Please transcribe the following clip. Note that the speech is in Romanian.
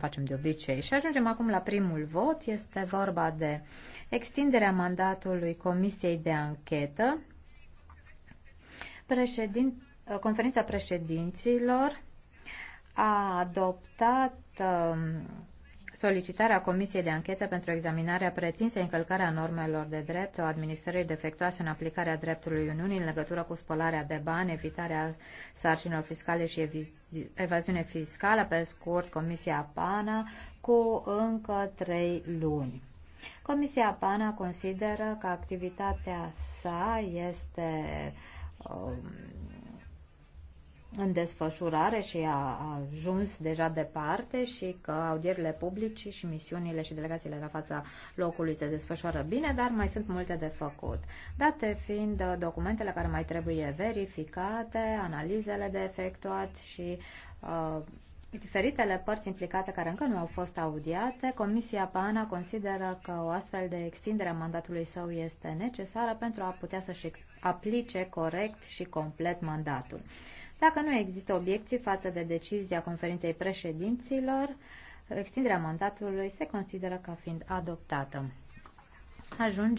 facem de obicei. Și ajungem acum la primul vot. Este vorba de extinderea mandatului Comisiei de Anchetă. Președin... Conferința președinților a adoptat um, solicitarea Comisiei de Anchetă pentru examinarea pretinsei încălcare a normelor de drept sau administrării defectuoase în aplicarea dreptului Uniunii în legătură cu spălarea de bani, evitarea sarcinilor fiscale și evaziune fiscală, pe scurt Comisia PANA, cu încă trei luni. Comisia PANA consideră că activitatea sa este um, în desfășurare și a ajuns deja departe și că audierile publice și misiunile și delegațiile la fața locului se desfășoară bine, dar mai sunt multe de făcut. Date fiind documentele care mai trebuie verificate, analizele de efectuat și uh, Diferitele părți implicate care încă nu au fost audiate, Comisia PANA consideră că o astfel de extindere a mandatului său este necesară pentru a putea să-și aplice corect și complet mandatul. Dacă nu există obiecții față de decizia conferinței președinților, extinderea mandatului se consideră ca fiind adoptată. Ajunge